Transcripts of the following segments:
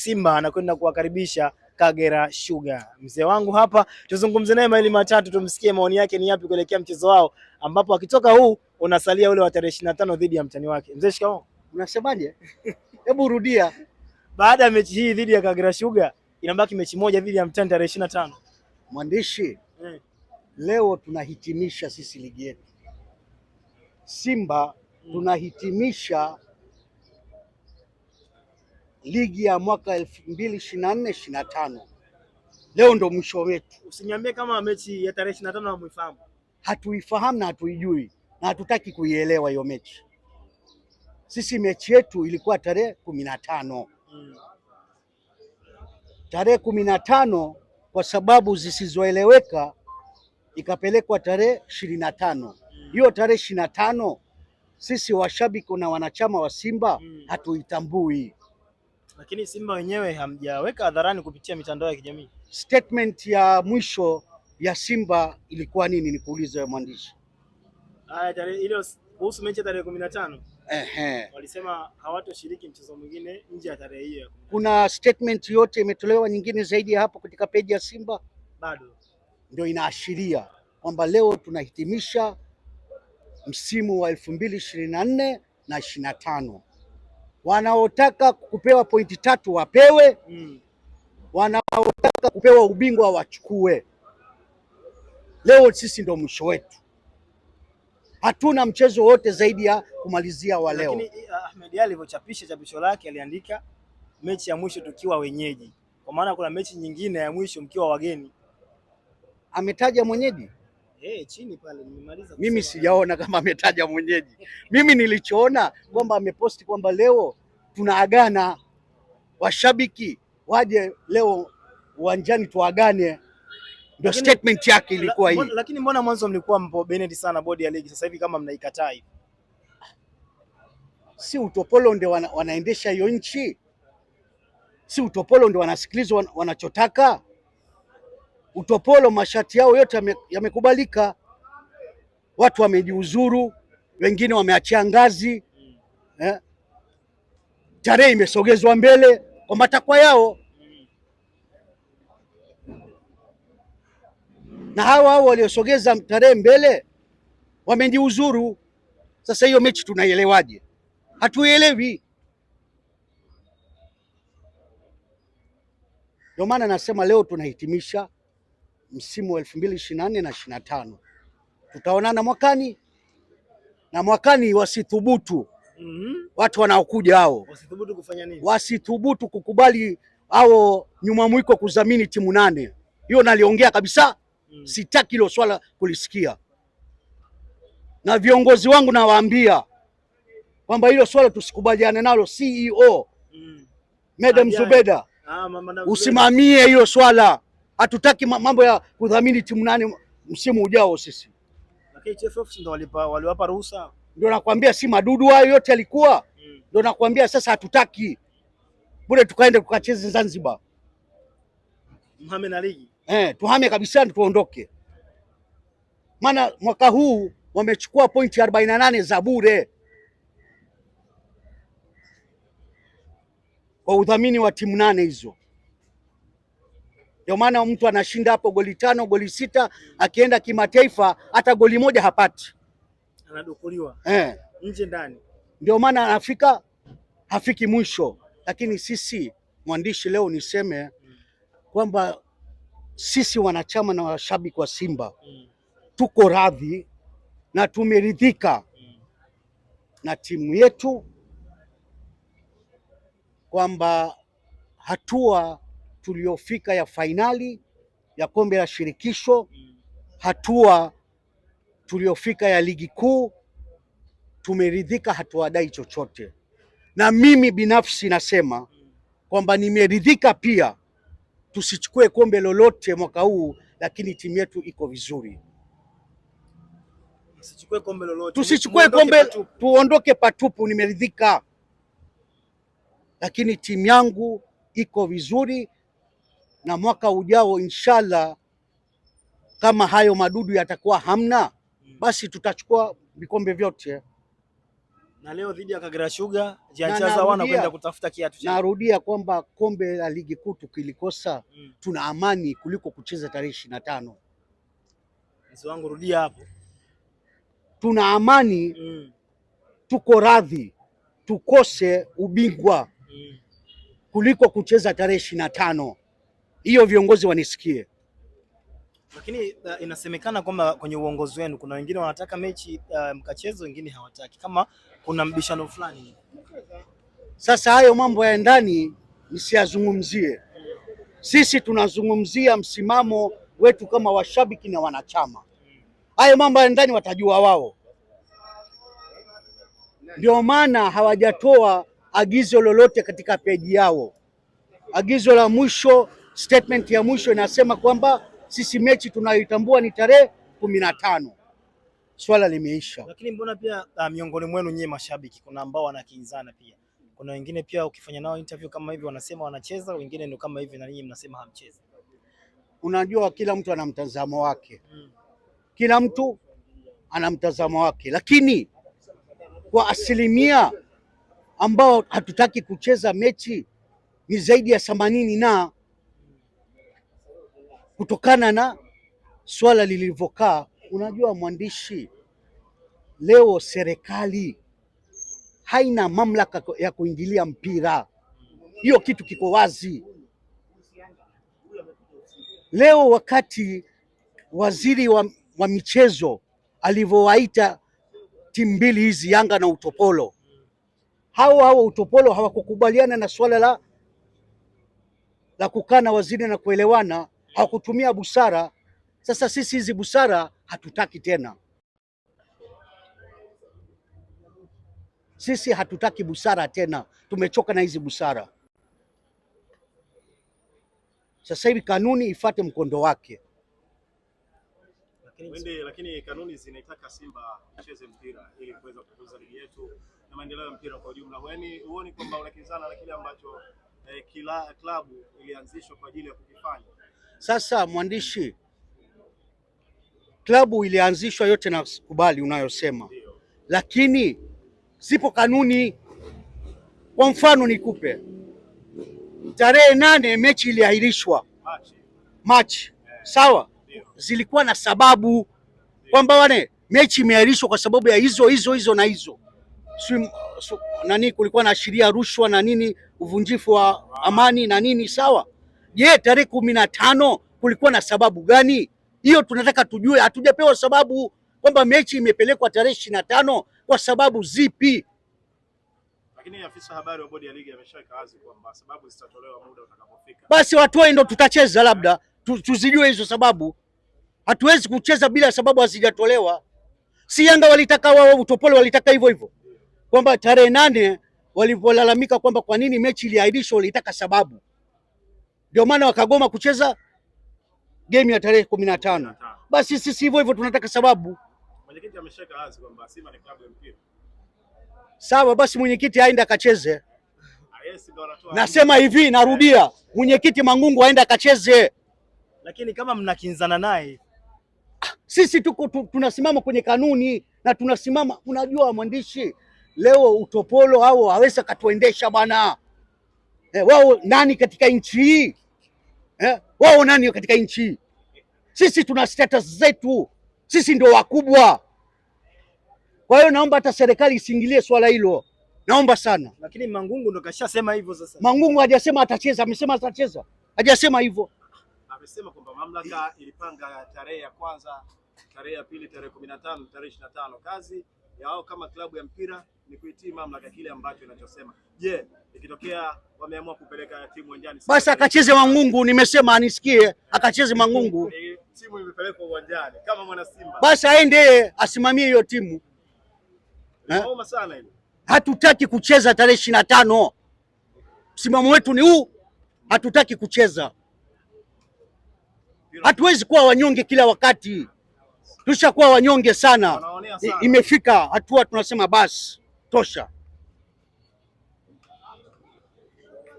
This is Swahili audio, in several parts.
Simba anakwenda kuwakaribisha Kagera Sugar. Mzee wangu hapa, tuzungumze naye mawili matatu, tumsikie maoni yake ni yapi kuelekea mchezo wao, ambapo akitoka huu unasalia ule wa tarehe 25 na tano dhidi ya mtani wake. Mzee shikamoo. Unasemaje? Hebu rudia. Baada ya mechi hii dhidi ya Kagera Sugar, inabaki mechi moja dhidi ya mtani tarehe 25. na tano. Mwandishi, hmm. Leo tunahitimisha sisi ligi yetu Simba, hmm. tunahitimisha ligi ya mwaka elfu mbili ishirini na nne ishirini na tano. Leo ndo mwisho wetu. Usiniambie kama mechi ya tarehe ishirini na tano hamuifahamu. Hatuifahamu na hatuijui na hatutaki kuielewa hiyo mechi. Sisi mechi yetu ilikuwa tarehe kumi na tano mm. Tarehe kumi na tano kwa sababu zisizoeleweka ikapelekwa tarehe ishirini na tano mm. hiyo mm. Tarehe ishirini na tano sisi washabiki na wanachama wa Simba mm. hatuitambui lakini Simba wenyewe hamjaweka hadharani kupitia mitandao ya kijamii. Statement ya mwisho ya Simba ilikuwa nini? Nikuulize wewe mwandishi. Haya, tarehe ile kuhusu mechi ya tarehe 15. Ehe. Walisema hawatoshiriki mchezo mwingine nje ya tarehe hiyo. Kuna statement yote imetolewa nyingine zaidi ya hapo katika peji ya Simba? Bado. Ndio inaashiria kwamba leo tunahitimisha msimu wa elfu mbili ishirini na nne na ishirini na tano wanaotaka kupewa pointi tatu wapewe, mm. wanaotaka kupewa ubingwa wachukue. Leo sisi ndo mwisho wetu, hatuna mchezo wote zaidi ya kumalizia wa leo. Lakini eh, Ahmed Ally alivyochapisha chapisho lake aliandika mechi ya mwisho tukiwa wenyeji, kwa maana kuna mechi nyingine ya mwisho mkiwa wageni. Ametaja mwenyeji Hey, eh, chini pale nimemaliza. Mimi sijaona kama ametaja mwenyeji. Mimi nilichoona kwamba ameposti kwamba leo tunaagana, washabiki waje leo uwanjani tuagane, ndio statement yake ilikuwa hii. Lakini mbona mwanzo mlikuwa mpo Benedi sana bodi ya ligi, sasa hivi kama mnaikataa hivi? Si utopolo ndio wana, wanaendesha hiyo nchi? Si utopolo ndio wanasikilizwa wanachotaka? utopolo, mashati yao yote yamekubalika, ya watu wamejiuzuru, wengine wameachia ngazi eh, tarehe imesogezwa mbele kwa matakwa yao, na hawa hao waliosogeza tarehe mbele wamejiuzuru. Sasa hiyo mechi tunaielewaje? Hatuielewi. Ndio maana nasema leo tunahitimisha msimu wa elfu mbili ishirini na nne na ishirini na tano. Tutaonana mwakani na mwakani, wasithubutu mm -hmm. watu wanaokuja hao wasithubutu kufanya nini? Wasithubutu kukubali hao nyuma mwiko kudhamini timu nane. Hiyo naliongea kabisa mm. Sitaki hilo swala kulisikia, na viongozi wangu nawaambia kwamba hilo swala tusikubaliane nalo. CEO mm. Ah, Madam Zubeda, usimamie hilo swala hatutaki mambo ya kudhamini timu nane msimu ujao sisi. Lakini TFF ndio walipa waliwapa ruhusa. Ndio nakwambia si madudu hayo yote yalikuwa. Mm. Ndio nakwambia sasa hatutaki. Bure tukaende tukacheze Zanzibar. Mhame na ligi. Eh, tuhame kabisa tuondoke. Maana mwaka huu wamechukua pointi 48 za bure kwa udhamini wa timu nane hizo. Ndio maana mtu anashinda hapo goli tano goli sita, akienda kimataifa hata goli moja hapati, anadukuliwa eh, nje ndani. Ndio maana anafika hafiki mwisho. Lakini sisi mwandishi, leo niseme kwamba sisi wanachama na washabiki wa Simba tuko radhi na tumeridhika na timu yetu kwamba hatua tuliyofika ya fainali ya kombe la shirikisho, hatua tuliyofika ya ligi kuu, tumeridhika, hatuadai chochote. Na mimi binafsi nasema kwamba nimeridhika pia, tusichukue kombe lolote mwaka huu, lakini timu yetu iko vizuri. Tusichukue kombe lolote, tusichukue kombe, tuondoke patupu. Nimeridhika, lakini timu yangu iko vizuri na mwaka ujao inshallah, kama hayo madudu yatakuwa hamna, hmm. basi tutachukua vikombe vyote. Na leo dhidi ya Kagera Sugar jianchaza wana kwenda kutafuta kiatu. Narudia kwamba kombe la ligi kuu tukilikosa, mm. tuna amani kuliko kucheza tarehe ishirini na tano. Mzee wangu, rudia hapo, tuna amani mm. tuko radhi tukose ubingwa mm. kuliko kucheza tarehe ishirini na tano hiyo viongozi wanisikie. Lakini uh, inasemekana kwamba kwenye uongozi wenu kuna wengine wanataka mechi uh, mkachezo, wengine hawataki, kama kuna mbishano fulani. Sasa hayo mambo ya ndani nisiyazungumzie. Sisi tunazungumzia msimamo wetu kama washabiki na wanachama. Hayo mambo ya ndani watajua wao, ndio maana hawajatoa agizo lolote katika peji yao. Agizo la mwisho statement ya mwisho inasema kwamba sisi mechi tunayoitambua ni tarehe kumi na tano. Swala limeisha. Lakini mbona pia uh, miongoni mwenu nyie mashabiki kuna ambao wanakinzana pia, kuna wengine pia ukifanya nao interview kama hivi wanasema wanacheza, wengine ndio kama hivi na nyinyi mnasema hamchezi. Unajua, kila mtu ana mtazamo wake hmm. Kila mtu ana mtazamo wake, lakini kwa asilimia ambao hatutaki kucheza mechi ni zaidi ya themanini na kutokana na swala lilivyokaa. Unajua mwandishi, leo serikali haina mamlaka ya kuingilia mpira, hiyo kitu kiko wazi. Leo wakati waziri wa, wa michezo alivyowaita timu mbili hizi Yanga na Utopolo, hao hao Utopolo hawakukubaliana na swala la la kukaa na waziri na kuelewana hawakutumia busara. Sasa sisi hizi busara hatutaki tena, sisi hatutaki busara tena, tumechoka na hizi busara. Sasa hivi kanuni ifate mkondo wake. Wende, lakini kanuni zinaitaka Simba icheze mpira ili kuweza kukuza ligi yetu na maendeleo ya mpira kwa ujumla. Yaani huoni kwamba unakinzana na kile ambacho eh, kila klabu ilianzishwa kwa ajili ya kukifanya? Sasa mwandishi, klabu ilianzishwa, yote na kubali unayosema, lakini zipo kanuni. Kwa mfano nikupe, tarehe nane mechi iliahirishwa, Machi sawa, zilikuwa na sababu kwamba wane mechi imeahirishwa kwa sababu ya hizo hizo hizo na hizo Swim, su, nani kulikuwa na sheria rushwa na nini, uvunjifu wa amani na nini, sawa. Je, tarehe kumi na tano kulikuwa na sababu gani? Hiyo tunataka tujue. Hatujapewa sababu kwamba mechi imepelekwa tarehe ishirini na tano kwa sababu zipi? Lakini afisa habari wa bodi ya ligi ameshaweka wazi kwamba sababu zitatolewa muda utakapofika. Basi watoe ndo tutacheza, labda tuzijue hizo sababu. Hatuwezi kucheza bila sababu hazijatolewa. Si Yanga walitaka wao, utopole walitaka hivyo hivyo kwamba tarehe nane walivyolalamika kwamba kwa nini mechi iliahirishwa, walitaka sababu ndio maana wakagoma kucheza game ya tarehe kumi na tano. Basi sisi hivyo hivyo tunataka sababu. Mwenyekiti amesheka wazi kwamba Simba ni klabu ya mpira. Sawa, basi mwenyekiti aende akacheze. Ah, Nasema hivi, narudia, mwenyekiti Mangungu aende akacheze. Lakini kama mnakinzana naye, sisi tuko tunasimama kwenye kanuni na tunasimama. Unajua mwandishi, leo utopolo hao hawezi akatuendesha bwana. E, wao nani katika nchi hii? eh? Wao nani katika nchi Sisi tuna status zetu, sisi ndio wakubwa. Kwa hiyo naomba hata serikali isiingilie swala hilo, naomba sana. Lakini Mangungu ndo kashasema hivyo sasa. Mangungu hajasema atacheza, amesema atacheza, hajasema hivyo. Amesema kwamba mamlaka ilipanga tarehe ya kwanza, tarehe ya pili, tarehe kumi na tano, tarehe ishirini na tano kazi yao kama klabu ya mpira ni kuitii mamlaka kile ambacho inachosema. Je, yeah, ikitokea wameamua kupeleka timu uwanjani, basi akacheze Mangungu. Nimesema anisikie, akacheze Mangungu. Timu imepelekwa uwanjani kama mwana Simba, basi aende asimamie hiyo timu. Eh? Hatutaki kucheza tarehe ishirini na tano. Msimamo wetu ni huu, hatutaki kucheza. Hatuwezi kuwa wanyonge kila wakati. Tushakuwa wanyonge sana, sana. Imefika hatua tunasema basi tosha.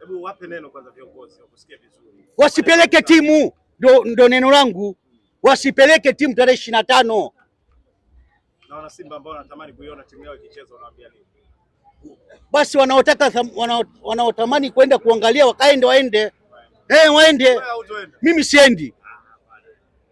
Hebu wape neno kwanza viongozi wakusikie vizuri. Wasipeleke timu ndo, ndo neno langu wasipeleke timu tarehe ishirini na tano. Naona Simba ambao wanatamani kuiona timu yao ikicheza wanawaambia nini? Basi wanaotaka wanaotamani kwenda kuangalia wakaende waende, eh, waende. Mimi siendi.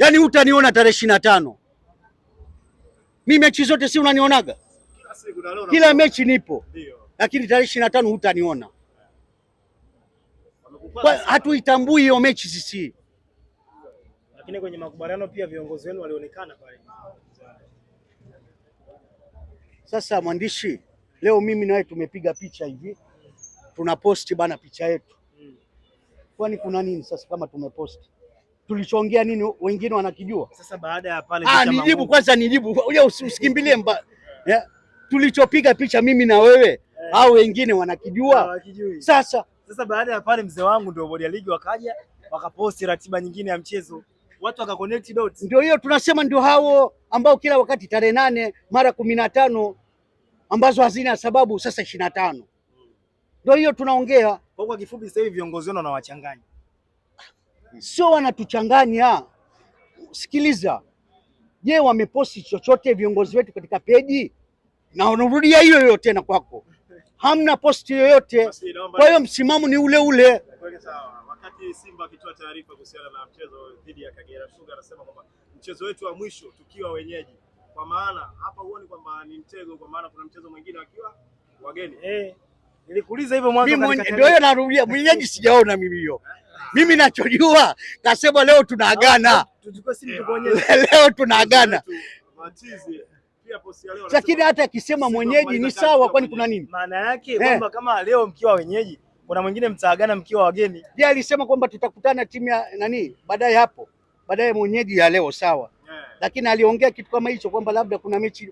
Yaani utaniona tarehe ishirini na tano. Mi mechi zote si unanionaga kila mechi nipo, lakini tarehe ishirini na tano hutaniona. Hatuitambui hiyo mechi sisi. Lakini kwenye makubaliano pia viongozi wenu walionekana pale. Sasa mwandishi, leo mimi na wewe tumepiga picha hivi, tunaposti bana picha yetu, hmm. kwani kuna nini sasa kama tumeposti tulichoongea nini wengine wanakijua. Sasa baada ya pale ah, nijibu kwanza, nijibu usikimbilie mba yeah. Tulichopiga picha mimi na wewe yeah. Au wengine wanakijua yeah, sasa sasa baada ya pale mzee wangu ndio bodi ya ligi wakaja wakaposti ratiba nyingine ya mchezo watu waka dots. Ndio hiyo tunasema, ndio hao ambao kila wakati tarehe nane mara kumi na tano ambazo hazina sababu, sasa ishirini na tano hmm. ndio hiyo tunaongea. Kwa kifupi, sasa hivi viongozi wenu wanawachanganya sio wanatuchanganya. Sikiliza, je, wameposti chochote viongozi wetu katika peji? Na unarudia hiyo hiyo tena kwako, hamna posti yoyote. Kwa hiyo msimamo ni ule ule. Wakati Simba akitoa taarifa kuhusiana na mchezo dhidi ya Kagera Sugar, anasema kwamba mchezo wetu wa mwisho tukiwa wenyeji, kwa maana hapa huoni kwamba ni mtego, kwa maana kuna mchezo mwingine wakiwa wageni eh. Nilikuuliza hivyo mwanzo katika ndio hiyo narudia mwenyeji sijaona mimi hiyo. Mimi nachojua nasema leo tunaagana. Tuchukue simu tukuonyeshe. Leo tunaagana. Lakini hata akisema mwenyeji ni sawa kwani kuna nini? Maana yake eh. kwamba kama leo mkiwa wenyeji kuna mwingine mtaagana mkiwa wageni. Je, alisema kwamba tutakutana timu ya nani baadaye hapo. Baadaye mwenyeji ya leo sawa. Lakini aliongea kitu kama hicho kwamba labda kuna mechi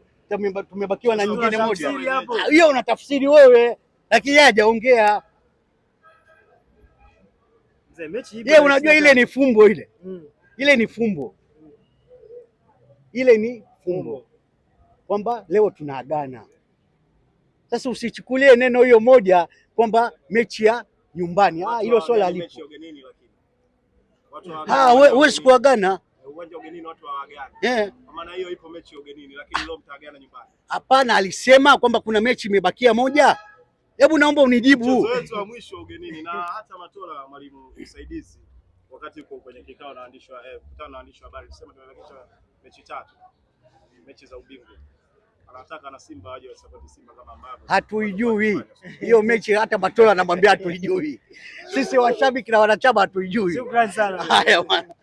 tumebakiwa na nyingine moja. Hiyo unatafsiri wewe lakini yeye hajaongea. Ye, unajua ile ni fumbo ile mm. ile ni fumbo mm. ile ni fumbo mm. kwamba leo tunaagana sasa. Usichukulie neno hiyo moja kwamba mechi ya nyumbani, ah, hilo swala lipo. Huwezi ah, kuagana eh, eh. hapana. Alisema kwamba kuna mechi imebakia moja Hebu naomba unijibu. Mchezo wetu wa mwisho ugenini na hata Matola mwalimu msaidizi wakati uko kwenye kikao na waandishi wa eh, kikao na waandishi wa habari sema tumebakisha mechi tatu. Mechi za ubingwa. Anataka na Simba aje wa support Simba kama ambavyo. Hatuijui. Hiyo mechi hata Matola anamwambia hatuijui. Sisi washabiki na wanachama hatuijui. Shukrani sana. Haya. bwana.